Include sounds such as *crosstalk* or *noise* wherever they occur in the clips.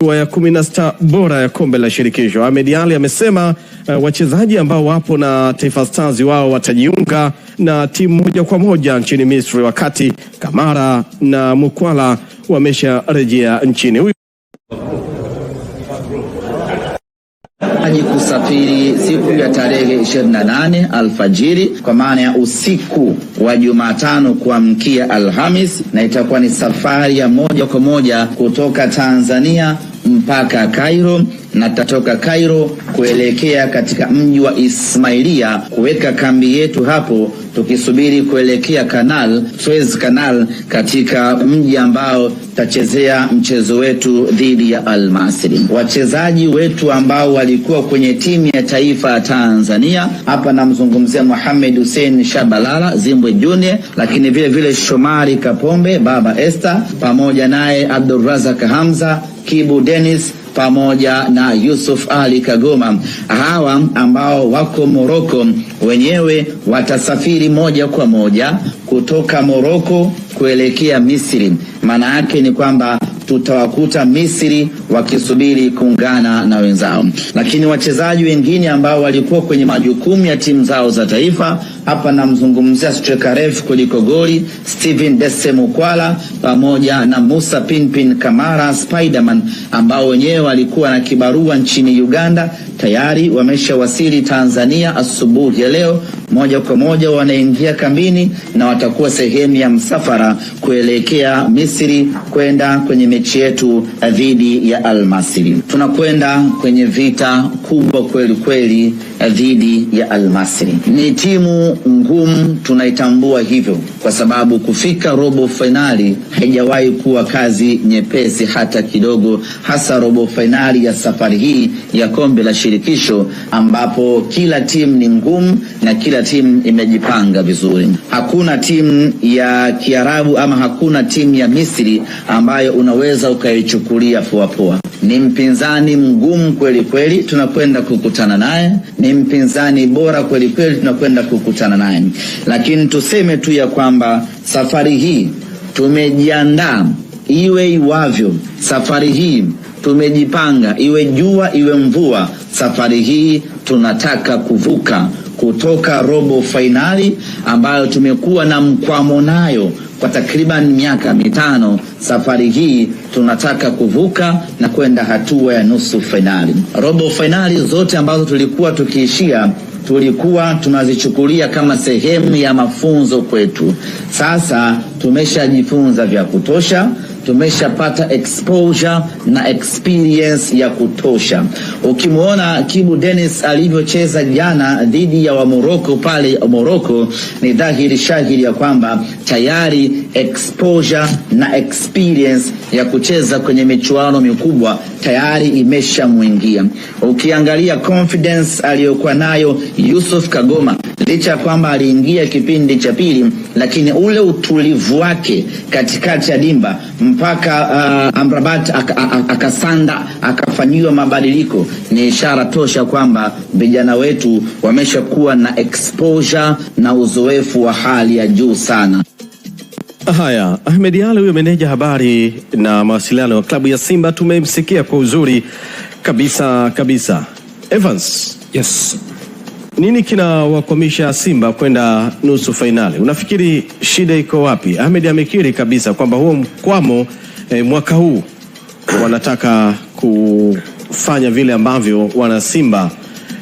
Hatua ya kumi na sita bora ya kombe la shirikisho, Ahmed Ally amesema uh, wachezaji ambao wapo na Taifa Stars wao watajiunga na timu moja kwa moja nchini Misri, wakati Kamara na Mukwala wamesharejea nchini. wapangaji kusafiri siku ya tarehe 28 alfajiri, kwa maana ya usiku wa Jumatano kuamkia Alhamis, na itakuwa ni safari ya moja kwa moja kutoka Tanzania mpaka Cairo na tatoka Cairo kuelekea katika mji wa Ismailia kuweka kambi yetu hapo tukisubiri kuelekea kanal Suez Canal katika mji ambao tachezea mchezo wetu dhidi ya Al Masry. Wachezaji wetu ambao walikuwa kwenye timu ya taifa ya Tanzania, hapa namzungumzia Mohamed Hussein Shabalala Zimbwe Junior, lakini vile vile Shomari Kapombe Baba Esther, pamoja naye Abdulrazak Hamza Kibu Dennis pamoja na Yusuf Ali Kagoma, hawa ambao wako Moroko wenyewe watasafiri moja kwa moja kutoka Moroko kuelekea Misri. Maana yake ni kwamba tutawakuta Misri wakisubiri kuungana na wenzao, lakini wachezaji wengine ambao walikuwa kwenye majukumu ya timu zao za taifa hapa namzungumzia streka refu kuliko goli Steven Dese Mukwala pamoja na Musa Pinpin Kamara Spiderman, ambao wenyewe walikuwa na kibarua nchini Uganda, tayari wameshawasili Tanzania asubuhi ya leo. Moja kwa moja wanaingia kambini na watakuwa sehemu ya msafara kuelekea Misri kwenda kwenye mechi yetu dhidi ya almasiri Tunakwenda kwenye vita kubwa kweli kweli dhidi ya almasri Ni timu ngumu, tunaitambua hivyo, kwa sababu kufika robo fainali haijawahi kuwa kazi nyepesi hata kidogo, hasa robo fainali ya safari hii ya kombe la shirikisho ambapo kila timu ni ngumu na kila timu imejipanga vizuri. Hakuna timu ya Kiarabu ama hakuna timu ya Misri ambayo unaweza ukaichukulia poa poa. Ni mpinzani mgumu kweli kweli, tunakwenda kukutana naye. Ni mpinzani bora kweli kweli, tunakwenda kukutana naye. Lakini tuseme tu ya kwamba safari hii tumejiandaa iwe iwavyo. Safari hii tumejipanga, iwe jua iwe mvua. Safari hii tunataka kuvuka kutoka robo fainali ambayo tumekuwa na mkwamo nayo kwa takriban miaka mitano. Safari hii tunataka kuvuka na kwenda hatua ya nusu fainali. Robo fainali zote ambazo tulikuwa tukiishia tulikuwa tunazichukulia kama sehemu ya mafunzo kwetu. Sasa tumeshajifunza vya kutosha tumeshapata exposure na experience ya kutosha. Ukimwona Kibu Dennis alivyocheza jana dhidi ya Wamoroko pale Moroko, ni dhahiri shahiri ya kwamba tayari exposure na experience ya kucheza kwenye michuano mikubwa tayari imeshamwingia. Ukiangalia confidence aliyokuwa nayo Yusuf Kagoma licha ya kwamba aliingia kipindi cha pili, lakini ule utulivu wake katikati ya dimba mpaka uh, Amrabat akasanda akafanyiwa mabadiliko, ni ishara tosha kwamba vijana wetu wameshakuwa na exposure na uzoefu wa hali ya juu sana. Haya, Ahmed Ally huyo meneja habari na mawasiliano wa klabu ya Simba tumemsikia kwa uzuri kabisa kabisa. Evans. Yes. Nini kinawakwamisha Simba kwenda nusu fainali? Unafikiri shida iko wapi? Ahmed amekiri kabisa kwamba huo mkwamo eh, mwaka huu wanataka kufanya vile ambavyo wana Simba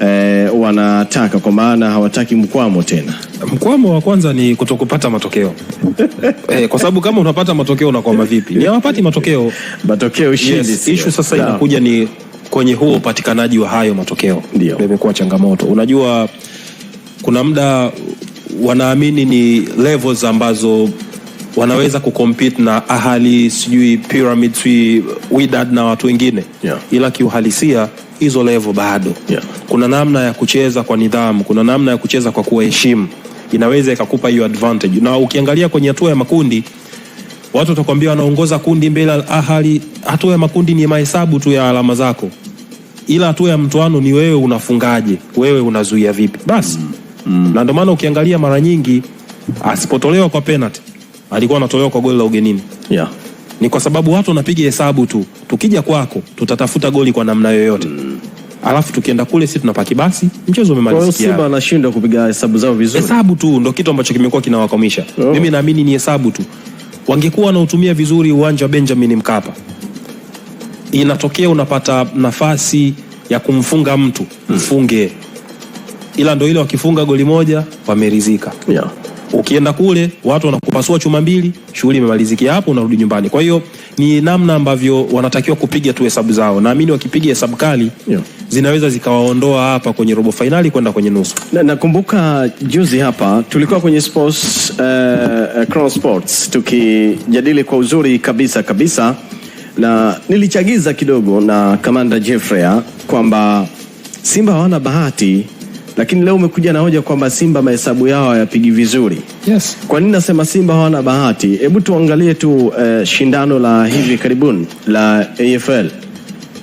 eh, wanataka kwa maana hawataki mkwamo tena. Mkwamo wa kwanza ni kutokupata matokeo *laughs* eh, kwa sababu kama unapata matokeo unakwama vipi? Ni hawapati matokeo, matokeo ushindi. Yes, issue sasa inakuja ni kwenye huo upatikanaji wa hayo matokeo imekuwa changamoto. Unajua, kuna muda wanaamini ni levels ambazo wanaweza kucompete na Ahali sijui Pyramid sijui Wydad na watu wengine yeah. Ila kiuhalisia hizo level bado yeah. Kuna namna ya kucheza kwa nidhamu, kuna namna ya kucheza kwa kuwaheshimu, inaweza ikakupa hiyo advantage, na ukiangalia kwenye hatua ya makundi watu watakwambia wanaongoza kundi mbele ahali Hatua ya makundi ni mahesabu tu ya alama zako, ila hatua ya mtoano ni wewe unafungaje, wewe unazuia vipi? Basi mm. mm. na ndio maana ukiangalia mara nyingi asipotolewa kwa penalty alikuwa anatolewa kwa goli la ugenini yeah. Ni kwa sababu watu wanapiga hesabu tu, tukija kwako tutatafuta goli kwa namna yoyote mm. Alafu tukienda kule sisi tunapaki basi, mchezo umemalizika. Simba anashindwa kupiga hesabu zao vizuri. Hesabu tu ndio kitu ambacho kimekuwa kinawakwamisha. Oh. Mimi naamini ni hesabu tu wangekuwa wanautumia vizuri uwanja wa Benjamin Mkapa. Inatokea unapata nafasi ya kumfunga mtu hmm. mfunge, hmm. ila ndo ile wakifunga goli moja wamerizika yeah. Ukienda kule watu wanakupasua chuma mbili, shughuli imemalizikia hapo, unarudi nyumbani. Kwa hiyo ni namna ambavyo wanatakiwa kupiga tu hesabu zao. Naamini wakipiga hesabu kali yeah, zinaweza zikawaondoa hapa kwenye robo fainali kwenda kwenye nusu. Nakumbuka na juzi hapa tulikuwa kwenye sports, uh, Crown Sports tukijadili kwa uzuri kabisa kabisa, na nilichagiza kidogo na kamanda Jeffrey kwamba Simba hawana bahati lakini leo umekuja na hoja kwamba Simba mahesabu yao hayapigi vizuri. Yes. Kwa nini nasema Simba hawana bahati? Hebu tuangalie tu uh, shindano la hivi karibuni la AFL.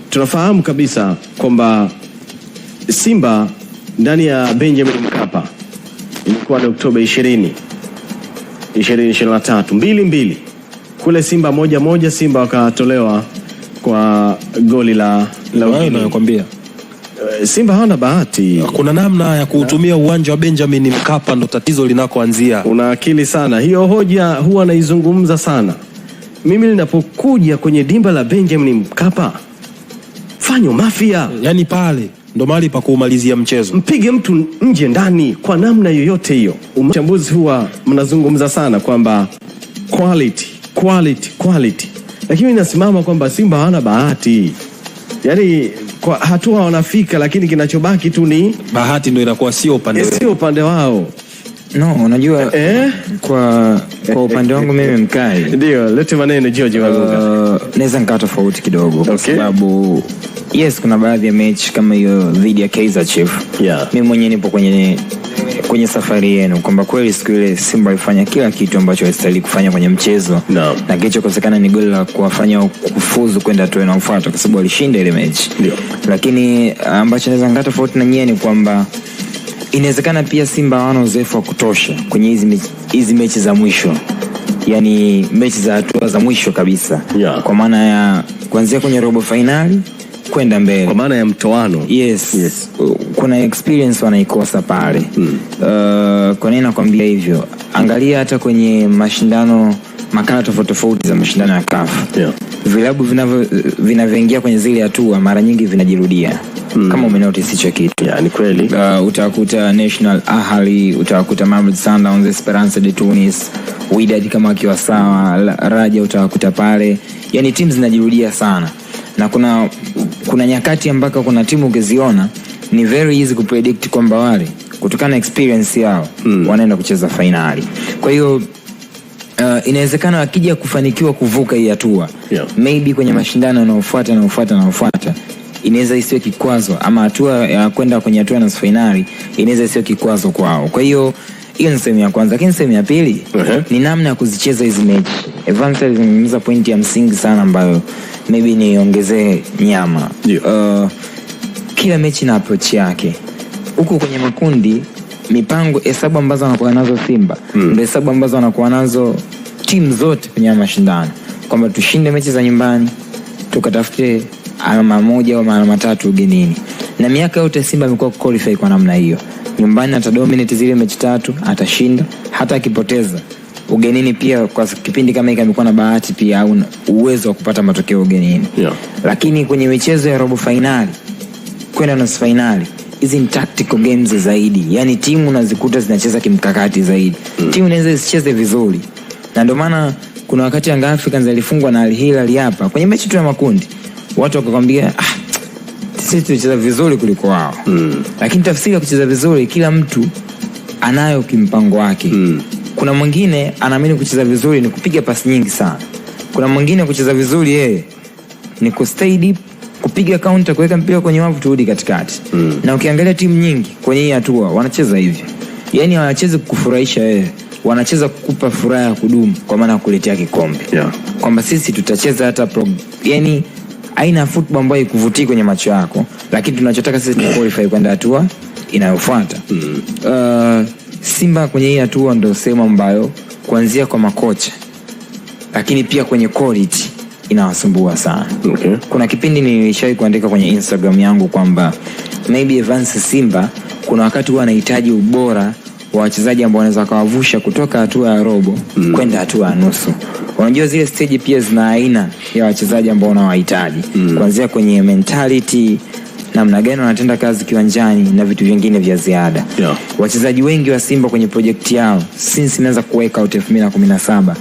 Tunafahamu kabisa kwamba Simba ndani ya Benjamin Mkapa ilikuwa ni Oktoba 20 2023 mbili mbili kule Simba moja moja, Simba wakatolewa kwa goli la la nakwambia Eh, Simba hawana bahati. Kuna namna ya kuutumia uwanja wa Benjamin Mkapa, ndo tatizo linakoanzia. Una akili sana, hiyo hoja huwa naizungumza sana mimi. Linapokuja kwenye dimba la Benjamin Mkapa, fanyo mafia, yani pale ndo mahali pa kuumalizia mchezo, mpige mtu nje ndani, kwa namna yoyote hiyo. Wachambuzi huwa mnazungumza sana kwamba quality, quality, quality, lakini nasimama kwamba Simba hawana bahati yani kwa hatua wanafika, lakini kinachobaki tu ni bahati, ndio inakuwa sio upande wao, eh, sio upande wao. No, unajua eh? Kwa, kwa upande wangu mimi mkai ndio lete maneno George Wazunga. Uh, naweza nikawa tofauti kidogo okay. Kwa sababu yes, kuna baadhi ya mechi kama hiyo dhidi ya Kaizer Chiefs yeah. Mimi mwenyewe nipo kwenye kwenye safari yenu kwamba kweli siku ile Simba alifanya kila kitu ambacho alistahili kufanya kwenye mchezo no. na kilichokosekana ni goli la kuwafanya kufuzu kwenda tu inayofuata kwa sababu alishinda ile mechi yeah. Lakini ah, ambacho naweza ngata tofauti na nyie ni kwamba inawezekana pia Simba hawana uzoefu wa kutosha kwenye hizi mechi za mwisho, yani mechi za hatua za mwisho kabisa yeah. kwa maana ya kuanzia kwenye robo fainali kwenda mbele kwa maana ya mtoano yes. Yes kuna experience wanaikosa pale mm. Uh, kwa nini nakwambia hivyo? Angalia hata kwenye mashindano makala tofauti tofauti za mashindano ya kaf yeah. Vilabu vinavyoingia kwenye zile hatua mara nyingi vinajirudia mm. Kama umenotice kitu yeah, ni kweli. Uh, utawakuta National ahali utawakuta Sundowns, Esperance de Tunis, Wydad kama akiwa sawa, Raja utawakuta pale, yani timu zinajirudia sana na kuna, kuna nyakati ambako kuna timu ukiziona ni very easy kupredict kwamba wale kutokana na experience yao mm. wanaenda kucheza fainali. Kwa hiyo uh, inawezekana wakija kufanikiwa kuvuka hii hatua yeah. maybe kwenye mm. mashindano yanayofuata yanayofuata yanayofuata inaweza isiwe kikwazo ama hatua ya kwenda kwenye hatua na fainali inaweza isiwe kikwazo kwao. Kwa hiyo hiyo ni sehemu ya kwanza, lakini sehemu ya pili uh -huh. ni namna ya kuzicheza hizi mechi. Evans alizungumza pointi ya msingi sana ambayo maybe niongezee nyama yeah. uh, kila mechi na approach yake huko kwenye makundi, mipango, hesabu ambazo anakuwa nazo Simba hmm. ndio mm. hesabu ambazo anakuwa nazo timu zote kwenye mashindano kwamba tushinde mechi za nyumbani tukatafute alama moja au alama tatu ugenini, na miaka yote Simba amekuwa qualify kwa namna hiyo. Nyumbani atadominate zile mechi tatu, atashinda hata akipoteza ugenini pia. Kwa kipindi kama hiki amekuwa na bahati pia au uwezo wa kupata matokeo ugenini yeah. Lakini kwenye michezo ya robo fainali kwenda nusu fainali hizi ni tactical games zaidi, yani timu unazikuta zinacheza kimkakati zaidi mm. Timu inaweza isicheze vizuri, na ndio maana kuna wakati Yanga Africans alifungwa na Al Hilal hapa kwenye mechi tu ya makundi, watu wakakwambia ah, sisi tulicheza vizuri kuliko wao mm. Lakini tafsiri ya kucheza vizuri, kila mtu anayo kimpango wake mm. Kuna mwingine anaamini kucheza vizuri ni kupiga pasi nyingi sana, kuna mwingine kucheza vizuri yeye ni kustay deep kupiga kaunta, kuweka mpira kwenye wavu, turudi katikati mm. na ukiangalia timu nyingi kwenye hii hatua wanacheza hivyo, yani hawachezi kukufurahisha wewe wanacheza kukupa furaha ya kudumu kwa maana ya kuletea kikombe yeah. Kwamba sisi tutacheza hata pro, yani aina ya football ambayo ikuvutii kwenye macho yako, lakini tunachotaka sisi ni qualify kwenda hatua inayofuata mm. Uh, Simba kwenye hii hatua ndio sehemu ambayo kuanzia kwa makocha, lakini pia kwenye quality inawasumbua sana. Okay. Kuna kipindi nilishawahi kuandika kwenye Instagram yangu kwamba maybe Evans Simba kuna wakati huwa anahitaji ubora wa wachezaji ambao wanaweza wakawavusha kutoka hatua ya robo mm. kwenda hatua ya nusu. Unajua zile stage pia zina aina ya wachezaji ambao unawahitaji mm. kuanzia kwenye mentality namna gani wanatenda kazi kiwanjani na vitu vingine vya ziada yeah. Wachezaji wengi wa Simba kwenye projekti yao since inaanza kuweka out 2017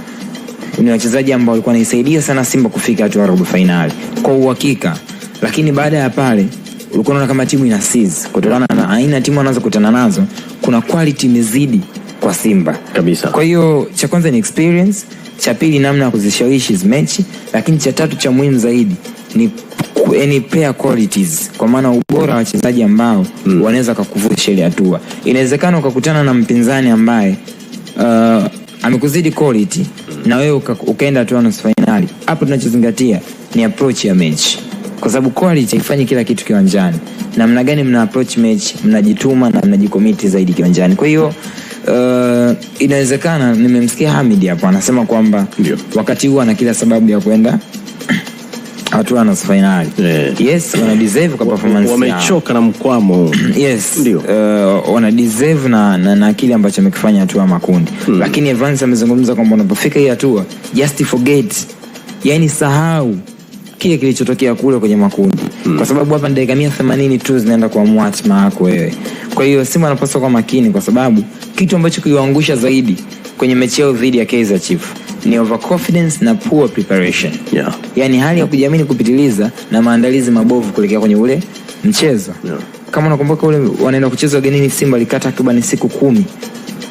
ni wachezaji ambao walikuwa wanaisaidia sana Simba kufika hatua ya robo fainali kwa uhakika, lakini baada ya pale ulikuwa unaona kama timu ina seize kutokana na aina timu wanazokutana nazo, kuna quality imezidi kwa Simba kabisa. Kwa hiyo cha kwanza ni experience, cha pili namna ya kuzishawishi hizo mechi, lakini cha tatu cha muhimu zaidi ni any pair qualities, kwa maana ubora wa wachezaji ambao mm. wanaweza kukuvusha ile hatua. Inawezekana ukakutana na mpinzani ambaye uh, amekuzidi quality na wewe ukaenda tu nusu fainali. Hapo tunachozingatia ni approach ya mechi, kwa sababu quality haifanyi kila kitu kiwanjani. Namna gani mna approach mechi, mnajituma na mnajikomiti zaidi kiwanjani. Kwa hiyo Uh, inawezekana nimemsikia hamidi hapo anasema kwamba wakati huo ana kila sababu ya kwenda hatua na finali. Eh. Yes, wana deserve kwa performance yao. Wamechoka na mkwamo. *clears throat* Yes. Ndio. Uh, wana deserve na, na, na kile ambacho amekifanya hatua ya makundi. Hmm. Lakini Evans amezungumza kwamba unapofika hii hatua just forget. yani sahau kile kilichotokea kule kwenye makundi. Hmm. Kwa sababu hapa dakika 180 tu zinaenda kuamua hatima yako wewe. Kwa hiyo simu anapaswa kuwa makini kwa sababu kitu ambacho kiliwaangusha zaidi kwenye mechi yao dhidi ya Kaizer Chiefs ni overconfidence na poor preparation. Yeah. Yaani hali ya kujiamini kupitiliza na maandalizi mabovu kuelekea kwenye ule mchezo. Yeah. Kama unakumbuka ule wanaenda kucheza ugenini, Simba likaa takriban siku kumi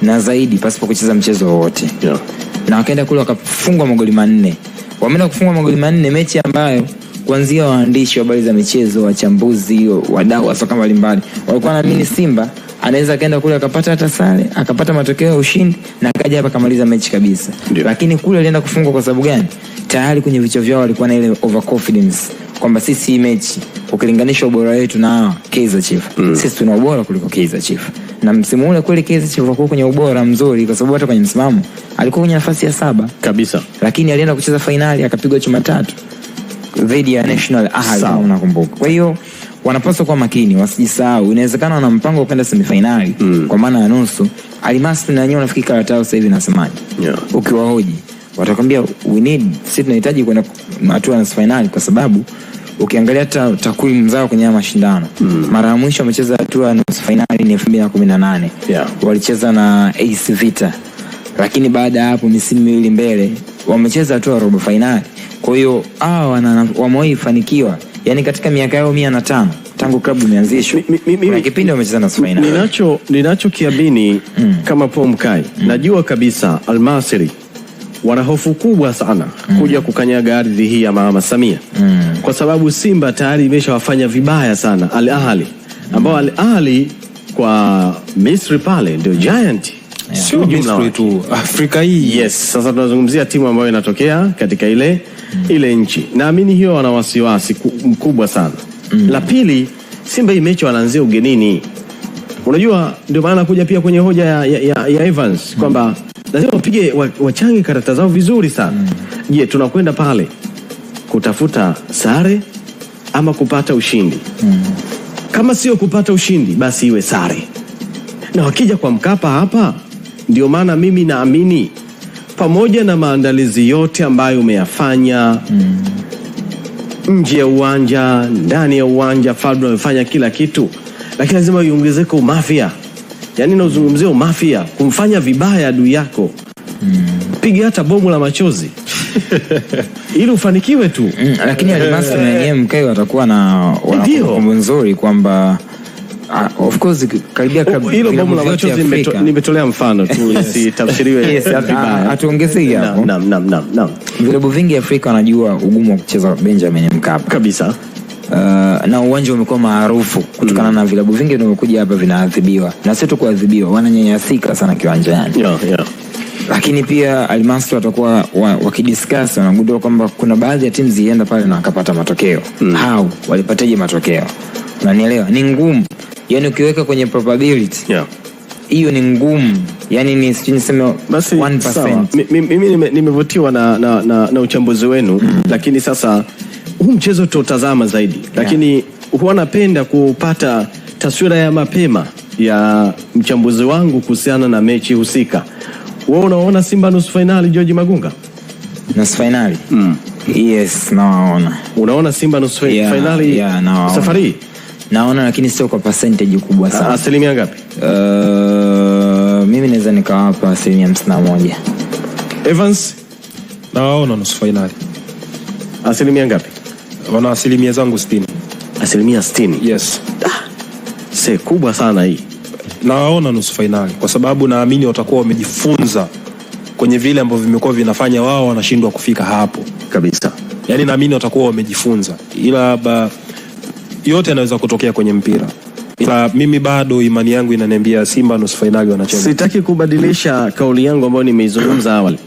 na zaidi pasipo kucheza mchezo wowote. Yeah. Na wakaenda kule wakafungwa magoli manne. Wameenda kufungwa magoli manne, mechi ambayo kuanzia waandishi wa habari za michezo, wachambuzi, wadau wa soka mbalimbali walikuwa wanaamini Simba anaweza akaenda kule akapata hata sare, akapata matokeo ya ushindi na akaja hapa akamaliza mechi kabisa. Ndiyo. Lakini kule alienda kufungwa kwa sababu gani? Tayari kwenye vichwa vyao walikuwa na ile overconfidence kwamba sisi hii mechi ukilinganisha ubora wetu na hawa Kaizer Chiefs, mm. sisi tuna ubora kuliko Kaizer chief Na msimu ule kweli Kaizer chief walikuwa kwenye ubora mzuri, kwa sababu hata kwenye msimamo alikuwa kwenye nafasi ya saba kabisa, lakini alienda kucheza fainali akapigwa chuma tatu dhidi ya National Ahly, unakumbuka? Kwa hiyo wanapaswa kuwa makini, wasijisahau. Inawezekana wana mpango wa kwenda semifainali mm. kwa maana ya nusu. alimasi na wenyewe wanafikiri karatao sasa hivi nasemaje? yeah. ukiwahoji watakwambia we sisi tunahitaji kwenda hatua ya fainali kwa sababu ukiangalia ta, takwimu zao kwenye haya mashindano mm. mara ya mwisho wamecheza hatua ya nusu fainali ni elfu mbili na na kumi nane yeah. walicheza na AC Vita, lakini baada ya hapo misimu miwili mbele wamecheza hatua ya robo fainali Kwa hiyo hawa wamewahi fanikiwa yani katika miaka yao mia na tano tangu klabu imeanzishwa kuna kipindi wamecheza nusu Ninacho ninachokiamini mm. kama pomkai mm. najua kabisa Almasri wana hofu kubwa sana mm. kuja kukanyaga ardhi hii ya Mama Samia mm. kwa sababu Simba tayari imeshawafanya vibaya sana Al Ahli mm. ambao Al Ahli kwa Misri pale ndio giant yeah. Sio Misri tu, Afrika hii. Yes, sasa tunazungumzia timu ambayo inatokea katika ile ile nchi. Naamini hiyo wana wasiwasi mkubwa sana mm. La pili, Simba hii mechi wanaanzia ugenini. Unajua, ndio maana kuja pia kwenye hoja ya, ya, ya Evans mm. kwamba lazima wapige wachange karata zao vizuri sana. Mm. Je, mm. tunakwenda pale kutafuta sare ama kupata ushindi mm. Kama sio kupata ushindi, basi iwe sare, na wakija kwa Mkapa hapa, ndio maana mimi naamini pamoja na maandalizi yote ambayo umeyafanya mm. nje ya uwanja, ndani ya uwanja, Fadlu amefanya kila kitu, lakini lazima iongezeke umafia. Yani nauzungumzia umafia, kumfanya vibaya adui yako mm. piga hata bomu la machozi *laughs* ili ufanikiwe tu mm, lakini Almasry wenyewe mkae watakuwa na kumbukumbu nzuri kwamba Uh, of course karibia hilo bomu la machozi nimetolea mfano tu *laughs* isitafsiriwe vibaya. Ah, hatuongezei hapo. Naam, naam, naam, naam. Vilabu vingi Afrika wanajua ugumu wa kucheza Benjamin Mkapa kabisa. Uh, na uwanja umekuwa maarufu kutokana mm. na vilabu vingi vinavyokuja hapa vinaadhibiwa, na sio tu kuadhibiwa, wananyanyasika sana kiwanjani. yeah, yeah lakini pia Almasry watakuwa wakidiscuss, wanagundua kwamba kuna baadhi ya timu zilienda pale na wakapata matokeo mm. au walipataje matokeo? nanielewa ni ngumu yani, ukiweka kwenye probability yeah hiyo ni ngumu yani, ni niseme basi. Mimi nimevutiwa na, na, na, na uchambuzi wenu mm Lakini sasa huu mchezo tutautazama zaidi yeah. Lakini huwa napenda kupata taswira ya mapema ya mchambuzi wangu kuhusiana na mechi husika. Wewe unaona Simba nusu fainali, George Magunga? Nusu fainali? Mm. Yes, naona. Unaona Simba nusu yeah, fainali yeah, naona. Safari hii? Naona lakini sio kwa percentage kubwa sana. Asilimia ngapi? Uh, mimi naweza nikawapa asilimia hamsini na moja. Evans? Naona nusu fainali. Asilimia ngapi? Wana asilimia zangu 60. Asilimia 60? Yes. Ah, se kubwa sana hii nawaona nusu fainali, kwa sababu naamini watakuwa wamejifunza kwenye vile ambavyo vimekuwa vinafanya wao wanashindwa kufika hapo kabisa. Yani naamini watakuwa wamejifunza, ila ba, yote yanaweza kutokea kwenye mpira ila mimi bado imani yangu inaniambia Simba nusu fainali wanacheza. Sitaki kubadilisha kauli yangu ambayo nimeizungumza awali.